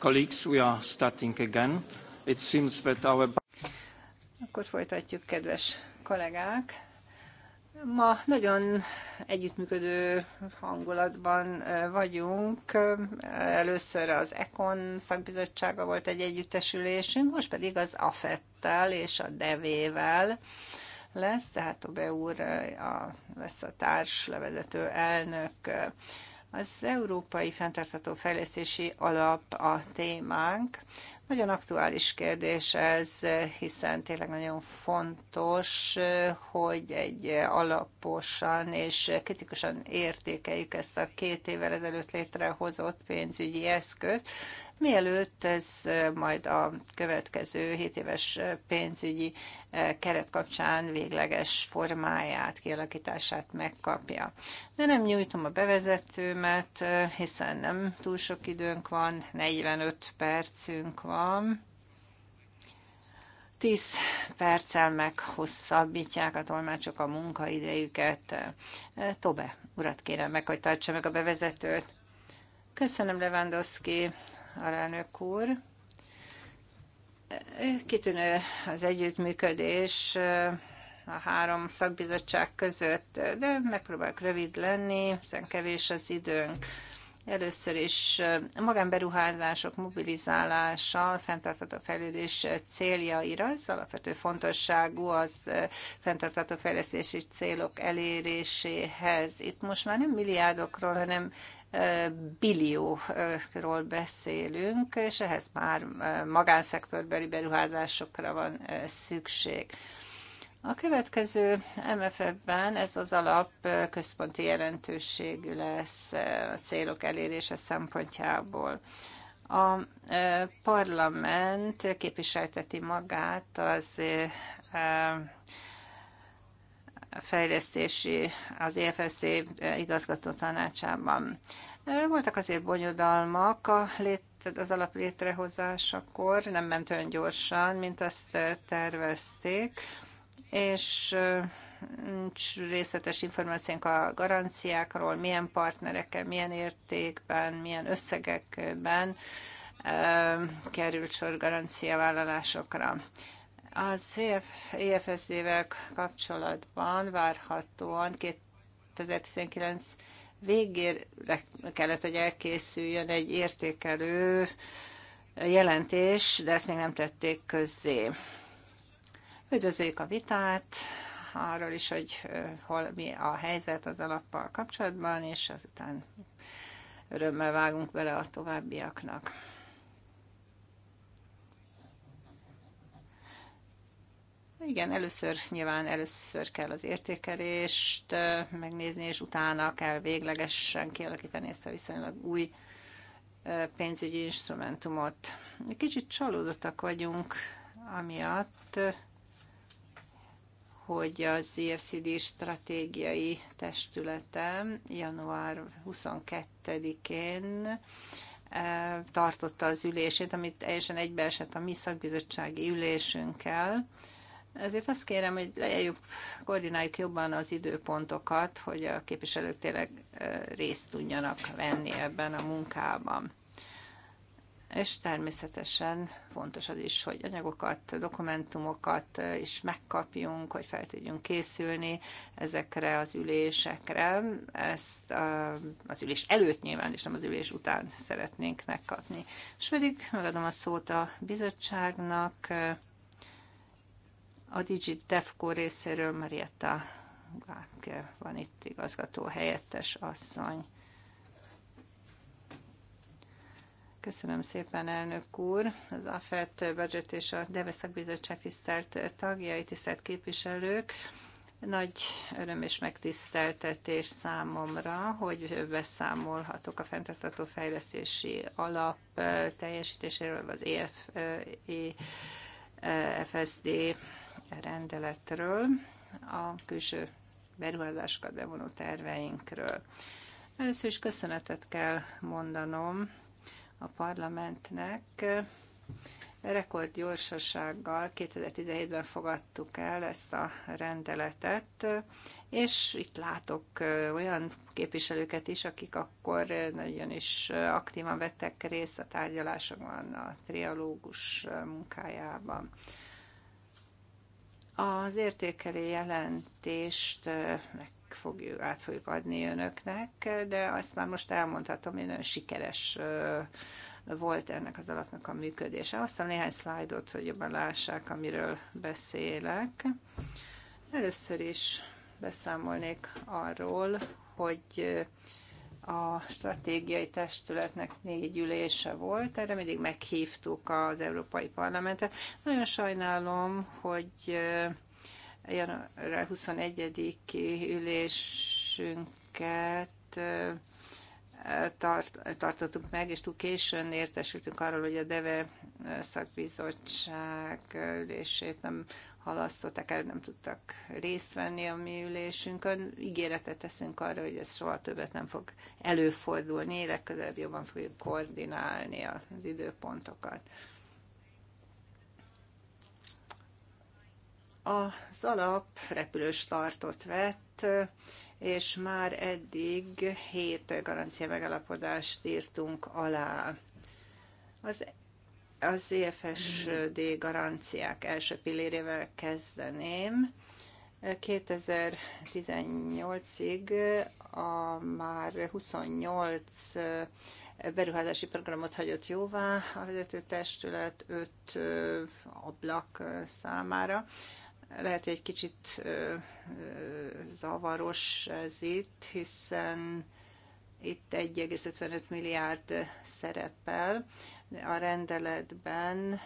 Colleagues, we are starting again. It seems that our... Akkor folytatjuk, kedves kollégák. Ma nagyon együttműködő hangulatban vagyunk. Először az ECON szakbizottsága volt egy együttesülésünk, most pedig az AFET-tel és a DEVÉ-vel lesz, tehát Tobe úr a, lesz a társ levezető elnök. Az Európai fenntartható Fejlesztési Alap a témánk. Nagyon aktuális kérdés ez, hiszen tényleg nagyon fontos, hogy egy alaposan és kritikusan értékeljük ezt a két évvel ezelőtt létrehozott pénzügyi eszközt, mielőtt ez majd a következő 7 éves pénzügyi keret kapcsán végleges formáját, kialakítását megkapja. De nem nyújtom a bevezetőmet, hiszen nem túl sok időnk van, 45 percünk van. 10 perccel meghosszabbítják a tolmácsok a munkaidejüket. Tobe, urat kérem meg, hogy tartsa meg a bevezetőt. Köszönöm, Lewandowski, alelnök úr. Kitűnő az együttműködés a három szakbizottság között, de megpróbálok rövid lenni, hiszen kevés az időnk. Először is a magánberuházások mobilizálása a fenntartható fejlődés céljaira, ez alapvető fontosságú az fenntartható fejlesztési célok eléréséhez. Itt most már nem milliárdokról, hanem billióról beszélünk, és ehhez már magánszektorbeli beruházásokra van szükség. A következő MFF-ben ez az alap központi jelentőségű lesz a célok elérése szempontjából. A parlament képviselteti magát az fejlesztési, az EFSZ igazgató tanácsában. Voltak azért bonyodalmak a lét, az alap létrehozásakor, nem ment olyan gyorsan, mint azt tervezték, és mm, nincs részletes információnk a garanciákról, milyen partnerekkel, milyen értékben, milyen összegekben került sor garanciavállalásokra. Az EFSZ-vel e kapcsolatban várhatóan 2019 végére kellett, hogy elkészüljön egy értékelő jelentés, de ezt még nem tették közzé. Üdvözlőjük a vitát, arról is, hogy hol mi a helyzet az alappal kapcsolatban, és azután örömmel vágunk bele a továbbiaknak. Igen, először nyilván először kell az értékelést megnézni, és utána kell véglegesen kialakítani ezt a viszonylag új pénzügyi instrumentumot. Kicsit csalódottak vagyunk amiatt, hogy az IFCD stratégiai testülete január 22-én tartotta az ülését, amit teljesen egybeesett a mi szakbizottsági ülésünkkel, ezért azt kérem, hogy lejjük, koordináljuk jobban az időpontokat, hogy a képviselők tényleg részt tudjanak venni ebben a munkában. És természetesen fontos az is, hogy anyagokat, dokumentumokat is megkapjunk, hogy fel tudjunk készülni ezekre az ülésekre. Ezt az ülés előtt nyilván, és nem az ülés után szeretnénk megkapni. És pedig megadom a szót a bizottságnak, a DigiDefco részéről Marietta Gáke van itt igazgató helyettes asszony. Köszönöm szépen, elnök úr! Az AFET Budget és a Deveszak Bizottság tisztelt tagjai, tisztelt képviselők! Nagy öröm és megtiszteltetés számomra, hogy beszámolhatok a fenntartható fejlesztési alap teljesítéséről, az EF, EFSD e rendeletről, a külső beruházásokat bevonó terveinkről. Először is köszönetet kell mondanom a parlamentnek. Rekord gyorsasággal 2017-ben fogadtuk el ezt a rendeletet, és itt látok olyan képviselőket is, akik akkor nagyon is aktívan vettek részt a tárgyalásokban, a trialógus munkájában. Az értékelő jelentést meg fogjuk, át fogjuk adni önöknek, de azt már most elmondhatom, hogy nagyon sikeres volt ennek az alapnak a működése. Aztán néhány szlájdot, hogy jobban lássák, amiről beszélek. Először is beszámolnék arról, hogy a stratégiai testületnek négy ülése volt, erre mindig meghívtuk az Európai Parlamentet. Nagyon sajnálom, hogy január 21-i ülésünket tart, tartottuk meg, és túl későn értesültünk arról, hogy a DEVE szakbizottság ülését nem halasztottak, el, nem tudtak részt venni a mi ülésünkön. Ígéretet teszünk arra, hogy ez soha többet nem fog előfordulni, legközelebb jobban fogjuk koordinálni az időpontokat. Az alap repülős tartot vett, és már eddig hét garancia megalapodást írtunk alá. Az az EFSD garanciák első pillérével kezdeném. 2018-ig a már 28 beruházási programot hagyott jóvá a vezető testület 5 ablak számára. Lehet, hogy egy kicsit zavaros ez itt, hiszen itt 1,55 milliárd szerepel a rendeletben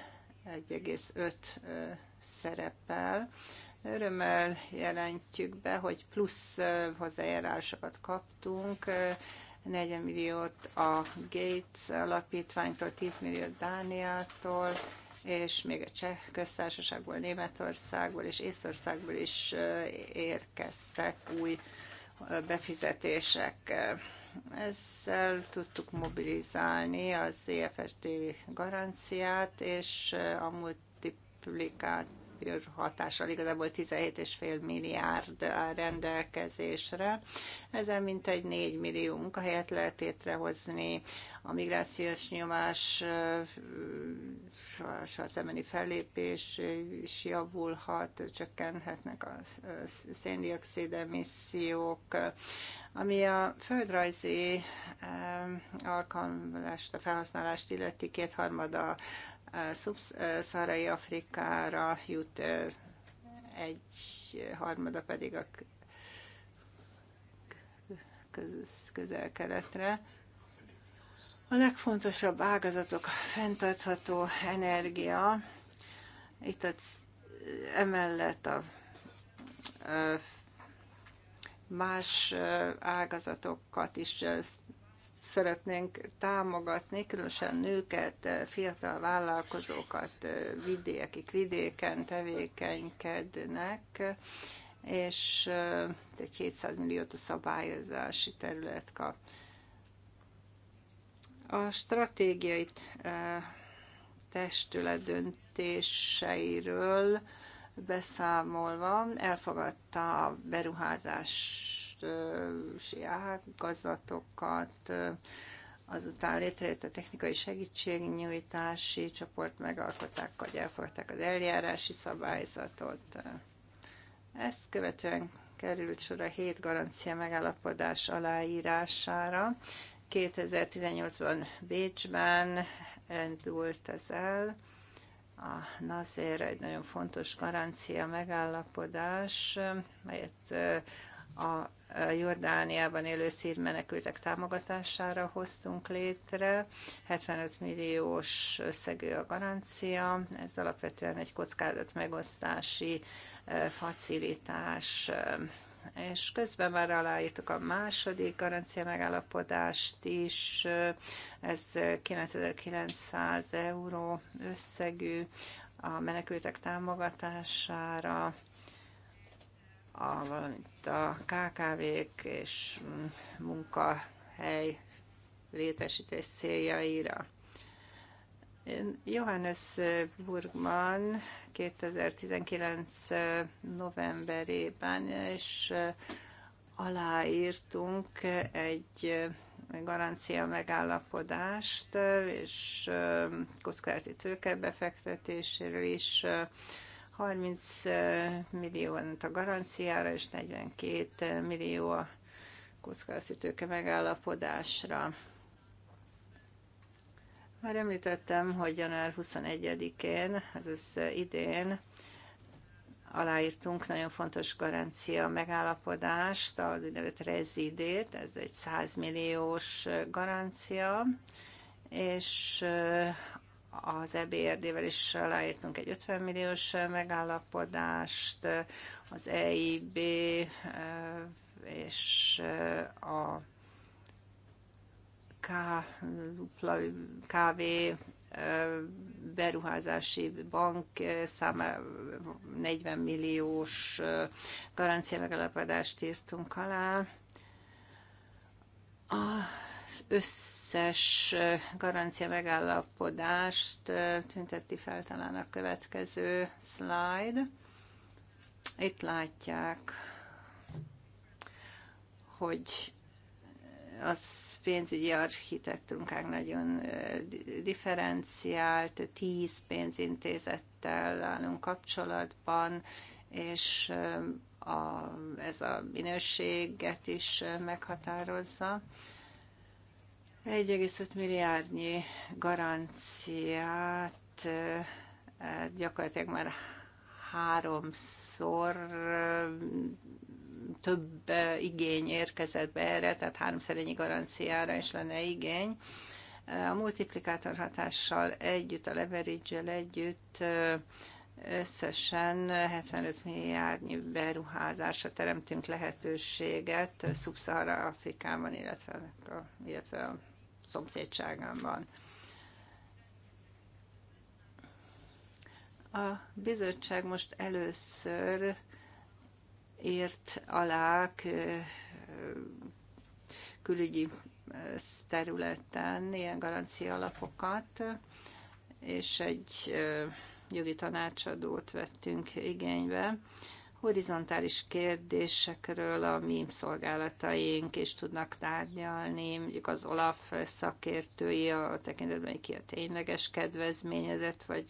1,5 szerepel. Örömmel jelentjük be, hogy plusz hozzájárásokat kaptunk, 40 milliót a Gates alapítványtól, 10 milliót Dániától, és még a Cseh köztársaságból, Németországból és Észországból is érkeztek új befizetések. Ezzel tudtuk mobilizálni az EFSD garanciát, és a multiplikát hatással igazából 17,5 milliárd rendelkezésre. Ezzel mintegy 4 millió munkahelyet lehet létrehozni, a migrációs nyomás szemeni fellépés is javulhat, csökkenhetnek a széndiokszid emissziók, ami a földrajzi alkalmazást, a felhasználást illeti kétharmada szubszarai Afrikára jut egy harmada pedig a közel-keletre. A legfontosabb ágazatok a fenntartható energia, itt az, emellett a, a más ágazatokat is szeretnénk támogatni, különösen nőket, eh, fiatal vállalkozókat, eh, vidékik vidéken tevékenykednek, és eh, egy 200 milliót a szabályozási terület kap. A stratégiai testület döntéseiről beszámolva elfogadta a beruházás ágazatokat, azután létrejött a technikai segítségnyújtási csoport, megalkották, vagy elfogadták az eljárási szabályzatot. Ezt követően került sor a hét garancia megállapodás aláírására. 2018-ban Bécsben endult ez el. A NASZER egy nagyon fontos garancia megállapodás, melyet a Jordániában élő szír menekültek támogatására hoztunk létre. 75 milliós összegű a garancia, ez alapvetően egy kockázat megosztási facilitás és közben már aláírtuk a második garancia megállapodást is, ez 9900 euró összegű a menekültek támogatására, a, valamint a KKV-k és munkahely létesítés céljaira. Johannes Burgman 2019 eh, novemberében is eh, aláírtunk eh, egy garancia megállapodást, és kockázati tőkebefektetéséről is 30 millió a garanciára, és 42 millió a tőke megállapodásra. Már említettem, hogy január 21-én, azaz idén, aláírtunk nagyon fontos garancia megállapodást, az úgynevezett rezidét, ez egy 100 milliós garancia, és az EBRD-vel is aláírtunk egy 50 milliós megállapodást, az EIB és a KV beruházási bank száma 40 milliós garancia megállapodást írtunk alá. A összes garancia megállapodást tünteti fel talán a következő slide. Itt látják, hogy az pénzügyi architektúrunk nagyon differenciált, tíz pénzintézettel állunk kapcsolatban, és a, ez a minőséget is meghatározza. 1,5 milliárdnyi garanciát gyakorlatilag már háromszor több igény érkezett be erre, tehát háromszor ennyi garanciára is lenne igény. A multiplikátor hatással együtt, a leverage együtt összesen 75 milliárdnyi beruházásra teremtünk lehetőséget Szubszahara Afrikában, illetve, illetve a szomszédságomban. A bizottság most először ért alá eh, külügyi eh, területen ilyen garancia alapokat, és egy eh, jogi tanácsadót vettünk igénybe horizontális kérdésekről a mi szolgálataink is tudnak tárgyalni, mondjuk az OLAF szakértői a tekintetben, hogy ki a tényleges kedvezményezett, vagy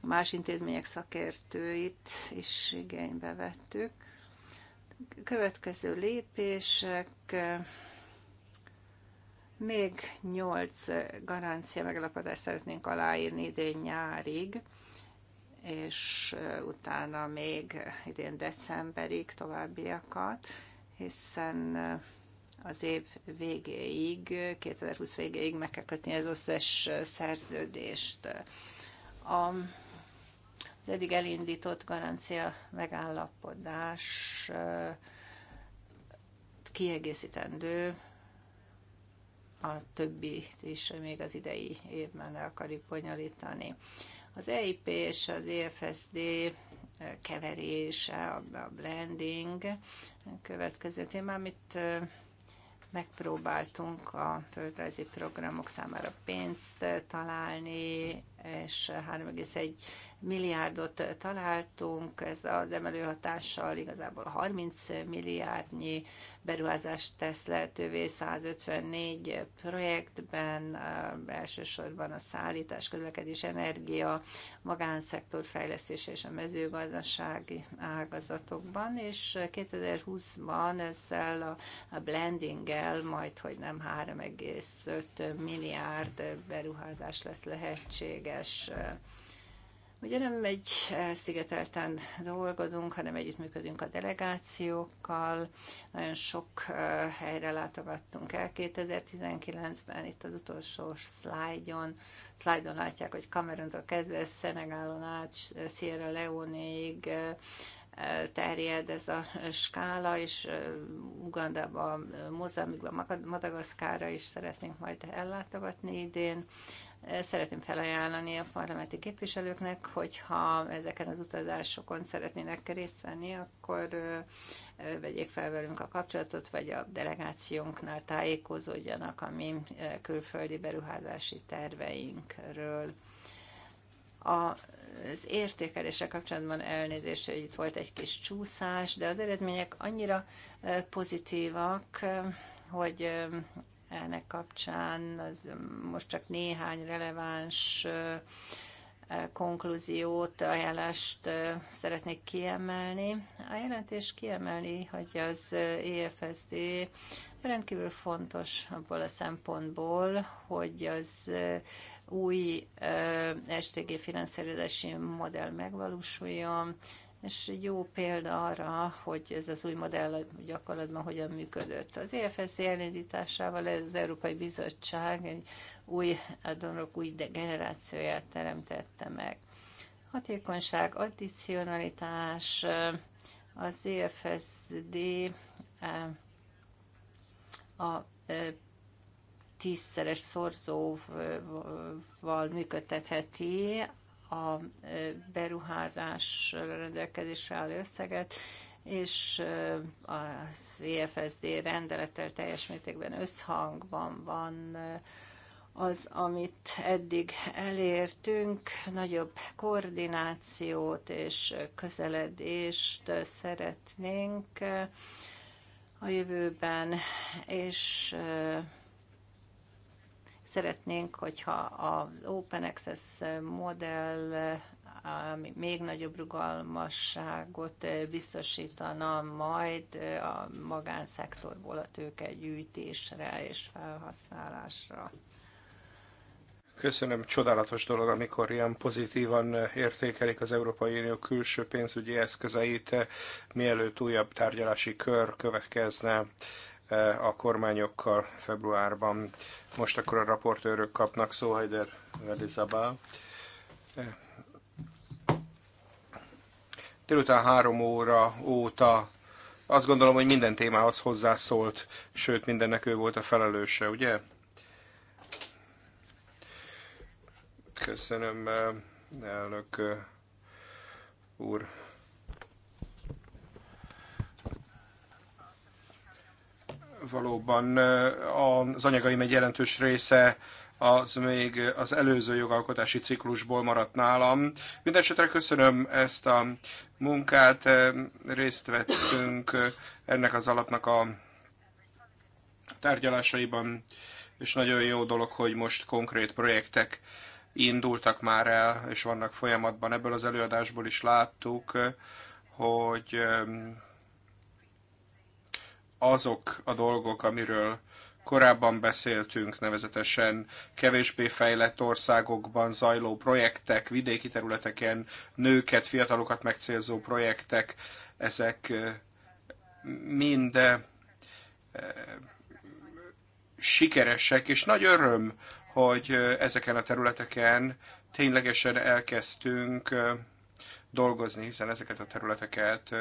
más intézmények szakértőit is igénybe vettük. Következő lépések, még nyolc garancia megalapodást szeretnénk aláírni idén nyárig, és utána még idén decemberig továbbiakat, hiszen az év végéig, 2020 végéig meg kell kötni az összes szerződést. A, az eddig elindított garancia megállapodás kiegészítendő a többi is még az idei évben el akarjuk bonyolítani. Az EIP és az EFSD keverése, a blending a következő téma, amit megpróbáltunk a földrajzi programok számára pénzt találni, és milliárdot találtunk, ez az emelő hatással igazából 30 milliárdnyi beruházást tesz lehetővé 154 projektben, elsősorban a szállítás, közlekedés, energia, magánszektor fejlesztése és a mezőgazdasági ágazatokban, és 2020-ban ezzel a blendinggel majd, hogy nem 3,5 milliárd beruházás lesz lehetséges. Ugye nem egy eh, szigetelten dolgozunk, hanem együttműködünk a delegációkkal. Nagyon sok eh, helyre látogattunk el 2019-ben, itt az utolsó szlájdon, szlájdon látják, hogy Kamerontól kezdve Szenegálon át, eh, Sierra Leoneig, terjed ez a skála, és Ugandában, Mozambikba, Madagaszkára is szeretnénk majd ellátogatni idén. Szeretném felajánlani a parlamenti képviselőknek, hogyha ezeken az utazásokon szeretnének részt venni, akkor vegyék fel velünk a kapcsolatot, vagy a delegációnknál tájékozódjanak a mi külföldi beruházási terveinkről. Az értékelése kapcsolatban elnézést, hogy itt volt egy kis csúszás, de az eredmények annyira pozitívak, hogy ennek kapcsán. Az most csak néhány releváns konklúziót, ajánlást szeretnék kiemelni. A jelentés kiemeli, hogy az EFSD rendkívül fontos abból a szempontból, hogy az új STG finanszírozási modell megvalósuljon, és jó példa arra, hogy ez az új modell gyakorlatban hogyan működött. Az EFSZ elindításával az Európai Bizottság egy új adonok új generációját teremtette meg. Hatékonyság, addicionalitás, az EFSD eh, a eh, tízszeres szorzóval működtetheti a beruházás rendelkezésre álló összeget, és az EFSD rendelettel teljes mértékben összhangban van az, amit eddig elértünk, nagyobb koordinációt és közeledést szeretnénk a jövőben, és Szeretnénk, hogyha az Open Access modell még nagyobb rugalmasságot biztosítana majd a magánszektorból a tőkegyűjtésre és felhasználásra. Köszönöm, csodálatos dolog, amikor ilyen pozitívan értékelik az Európai Unió külső pénzügyi eszközeit, mielőtt újabb tárgyalási kör következne E, a kormányokkal februárban. Most akkor a raportőrök kapnak szó, Heider Vedizabál. E, délután három óra óta azt gondolom, hogy minden témához hozzászólt, sőt mindennek ő volt a felelőse, ugye? Köszönöm, e, elnök úr. valóban az anyagaim egy jelentős része az még az előző jogalkotási ciklusból maradt nálam. Mindenesetre köszönöm ezt a munkát, részt vettünk ennek az alapnak a tárgyalásaiban, és nagyon jó dolog, hogy most konkrét projektek indultak már el, és vannak folyamatban. Ebből az előadásból is láttuk, hogy azok a dolgok, amiről korábban beszéltünk, nevezetesen kevésbé fejlett országokban zajló projektek, vidéki területeken nőket, fiatalokat megcélzó projektek, ezek mind sikeresek, és nagy öröm, hogy ezeken a területeken ténylegesen elkezdtünk dolgozni, hiszen ezeket a területeket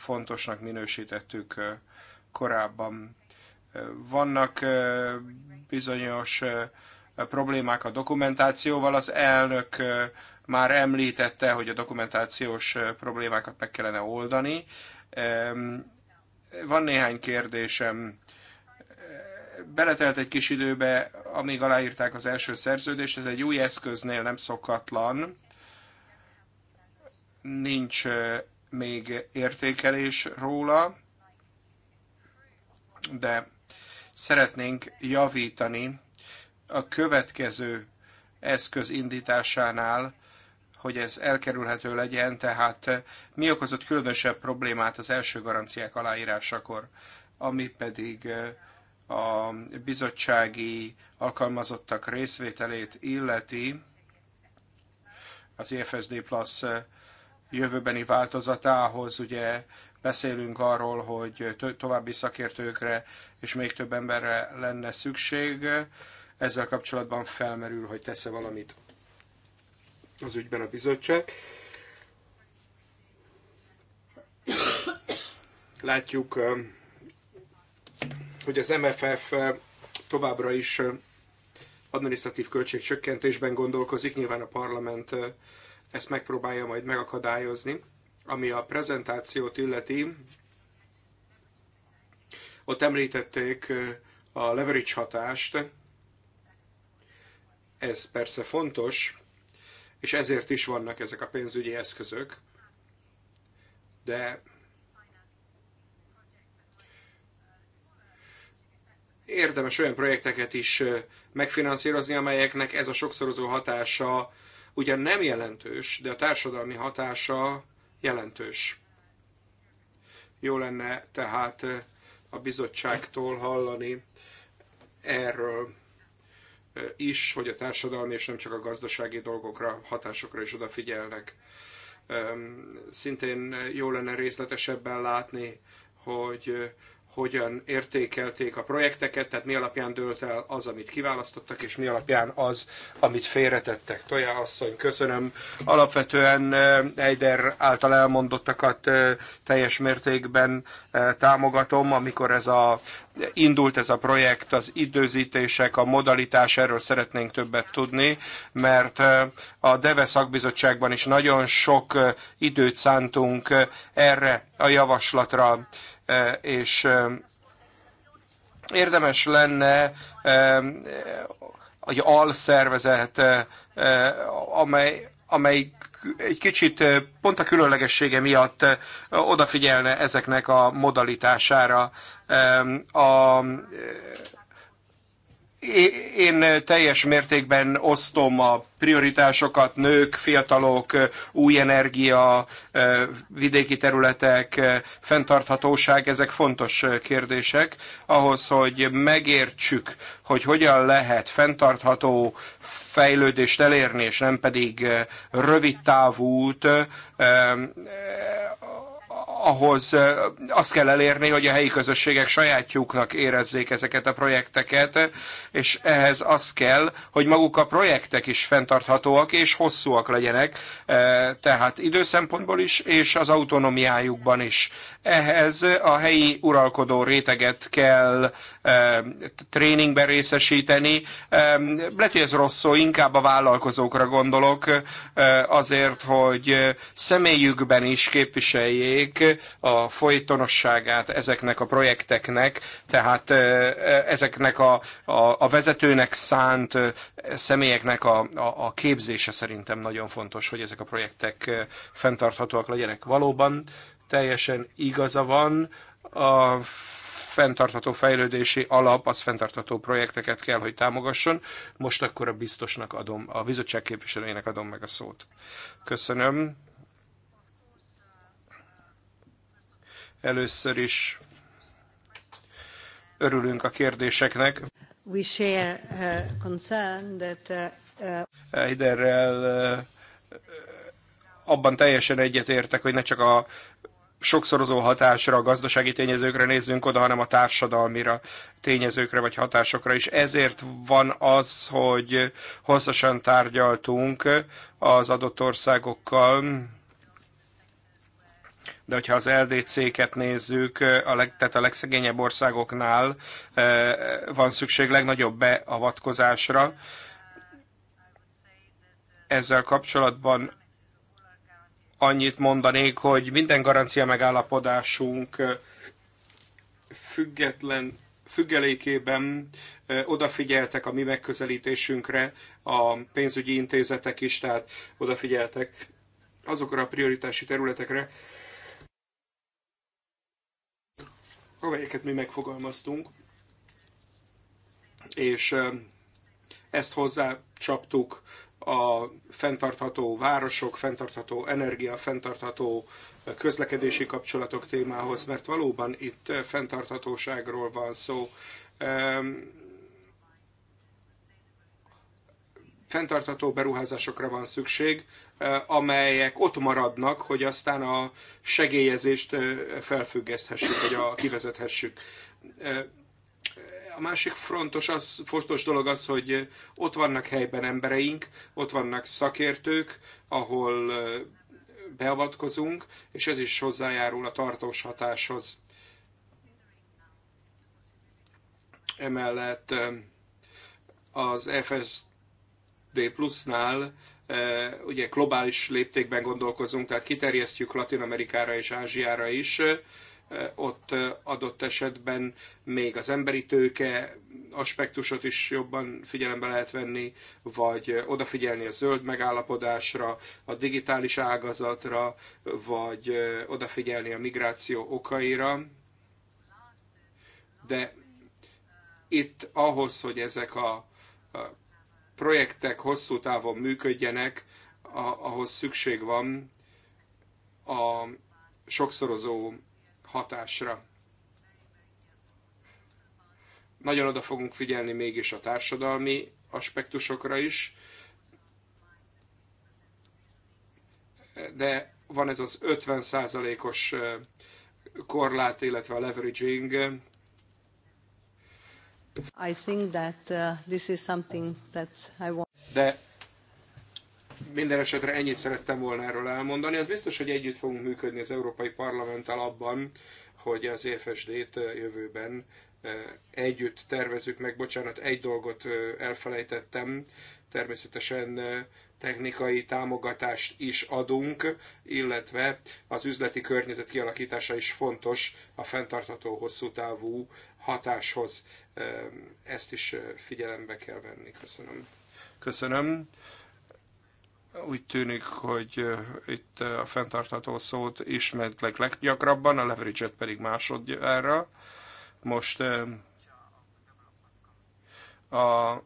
fontosnak minősítettük korábban. Vannak bizonyos problémák a dokumentációval. Az elnök már említette, hogy a dokumentációs problémákat meg kellene oldani. Van néhány kérdésem. Beletelt egy kis időbe, amíg aláírták az első szerződést, ez egy új eszköznél nem szokatlan. Nincs még értékelés róla, de szeretnénk javítani a következő eszköz indításánál, hogy ez elkerülhető legyen, tehát mi okozott különösebb problémát az első garanciák aláírásakor, ami pedig eh, a bizottsági alkalmazottak részvételét illeti az EFSD Plus eh, jövőbeni változatához. Ugye beszélünk arról, hogy további szakértőkre és még több emberre lenne szükség. Ezzel kapcsolatban felmerül, hogy tesz-e valamit az ügyben a bizottság. Látjuk, hogy az MFF továbbra is adminisztratív költségcsökkentésben gondolkozik, nyilván a parlament ezt megpróbálja majd megakadályozni. Ami a prezentációt illeti, ott említették a leverage hatást, ez persze fontos, és ezért is vannak ezek a pénzügyi eszközök, de érdemes olyan projekteket is megfinanszírozni, amelyeknek ez a sokszorozó hatása ugyan nem jelentős, de a társadalmi hatása jelentős. Jó lenne tehát eh, a bizottságtól hallani erről eh, is, hogy a társadalmi és nem csak a gazdasági dolgokra, hatásokra is odafigyelnek. Szintén jó lenne részletesebben látni, hogy eh, hogyan értékelték a projekteket, tehát mi alapján dőlt el az, amit kiválasztottak, és mi alapján az, amit félretettek. Tojá asszony, köszönöm. Alapvetően eh, Eider által elmondottakat eh, teljes mértékben eh, támogatom, amikor ez a, indult ez a projekt, az időzítések, a modalitás, erről szeretnénk többet tudni, mert a DEVE szakbizottságban is nagyon sok időt szántunk erre a javaslatra. E, és e, érdemes lenne e, egy alszervezet, amely, amely egy kicsit pont a különlegessége miatt odafigyelne ezeknek a modalitására. A én teljes mértékben osztom a prioritásokat, nők, fiatalok, új energia, vidéki területek, fenntarthatóság, ezek fontos kérdések ahhoz, hogy megértsük, hogy hogyan lehet fenntartható fejlődést elérni, és nem pedig rövid távút, ahhoz azt kell elérni, hogy a helyi közösségek sajátjuknak érezzék ezeket a projekteket, és ehhez az kell, hogy maguk a projektek is fenntarthatóak és hosszúak legyenek, tehát időszempontból is, és az autonomiájukban is. Ehhez a helyi uralkodó réteget kell tréningben részesíteni. Lehet, hogy ez rossz szó, inkább a vállalkozókra gondolok, azért, hogy személyükben is képviseljék a folytonosságát ezeknek a projekteknek, tehát ezeknek a, a, a vezetőnek szánt személyeknek a, a, a képzése szerintem nagyon fontos, hogy ezek a projektek fenntarthatóak legyenek. Valóban teljesen igaza van, a fenntartható fejlődési alap, az fenntartható projekteket kell, hogy támogasson. Most akkor a biztosnak adom, a bizottság képviselőjének adom meg a szót. Köszönöm. Először is örülünk a kérdéseknek. We share uh, concern that, uh, uh, uh, abban teljesen egyetértek, hogy ne csak a sokszorozó hatásra, a gazdasági tényezőkre nézzünk oda, hanem a társadalmira tényezőkre vagy hatásokra is. Ezért van az, hogy hosszasan tárgyaltunk az adott országokkal, de hogyha az LDC-ket nézzük, a leg, tehát a legszegényebb országoknál van szükség legnagyobb beavatkozásra. Ezzel kapcsolatban annyit mondanék, hogy minden garancia megállapodásunk független függelékében odafigyeltek a mi megközelítésünkre a pénzügyi intézetek is, tehát odafigyeltek azokra a prioritási területekre, amelyeket mi megfogalmaztunk, és ezt hozzá csaptuk a fenntartható városok, fenntartható energia, fenntartható közlekedési kapcsolatok témához, mert valóban itt fenntarthatóságról van szó. Fenntartható beruházásokra van szükség, amelyek ott maradnak, hogy aztán a segélyezést felfüggeszthessük, vagy a kivezethessük. A másik fontos, az, fontos dolog az, hogy ott vannak helyben embereink, ott vannak szakértők, ahol beavatkozunk, és ez is hozzájárul a tartós hatáshoz. Emellett az FSD plusznál Eh, ugye globális léptékben gondolkozunk, tehát kiterjesztjük Latin Amerikára és Ázsiára is, eh, ott eh, adott esetben még az emberi tőke aspektusot is jobban figyelembe lehet venni, vagy odafigyelni a zöld megállapodásra, a digitális ágazatra, vagy odafigyelni a migráció okaira. De itt ahhoz, hogy ezek a projektek hosszú távon működjenek, ahhoz szükség van a sokszorozó hatásra. Nagyon oda fogunk figyelni mégis a társadalmi aspektusokra is, de van ez az 50%-os korlát, illetve a leveraging, I think that uh, this is something that I want. De minden esetre ennyit szerettem volna erről elmondani. Az biztos, hogy együtt fogunk működni az Európai Parlamenttel abban, hogy az EFSD-t jövőben együtt tervezzük meg. Bocsánat, egy dolgot elfelejtettem természetesen technikai támogatást is adunk, illetve az üzleti környezet kialakítása is fontos a fenntartható hosszú távú hatáshoz. Ezt is figyelembe kell venni. Köszönöm. Köszönöm. Úgy tűnik, hogy itt a fenntartható szót ismertlek leggyakrabban, a leverage-et pedig másodjára. Most a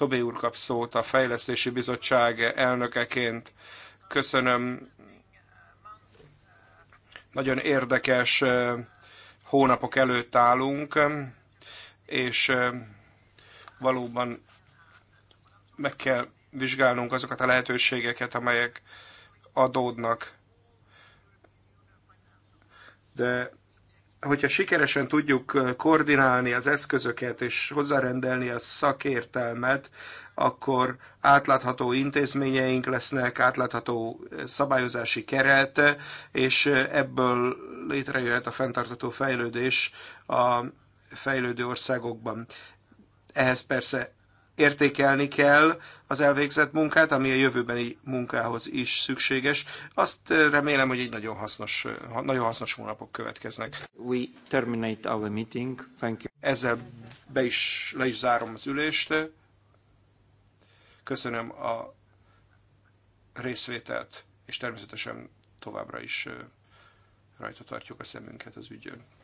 Tobé úr kap szót a Fejlesztési Bizottság elnökeként. Köszönöm. Nagyon érdekes hónapok előtt állunk, és valóban meg kell vizsgálnunk azokat a lehetőségeket, amelyek adódnak. De hogyha sikeresen tudjuk koordinálni az eszközöket és hozzárendelni a szakértelmet, akkor átlátható intézményeink lesznek, átlátható szabályozási keret, és ebből létrejöhet a fenntartató fejlődés a fejlődő országokban. Ehhez persze értékelni kell az elvégzett munkát, ami a jövőbeni munkához is szükséges. Azt eh, remélem, hogy így nagyon hasznos, eh, nagyon hasznos hónapok következnek. We terminate our meeting. Thank you. Ezzel be is, le is zárom az ülést. Köszönöm a részvételt, és természetesen továbbra is eh, rajta tartjuk a szemünket az ügyön.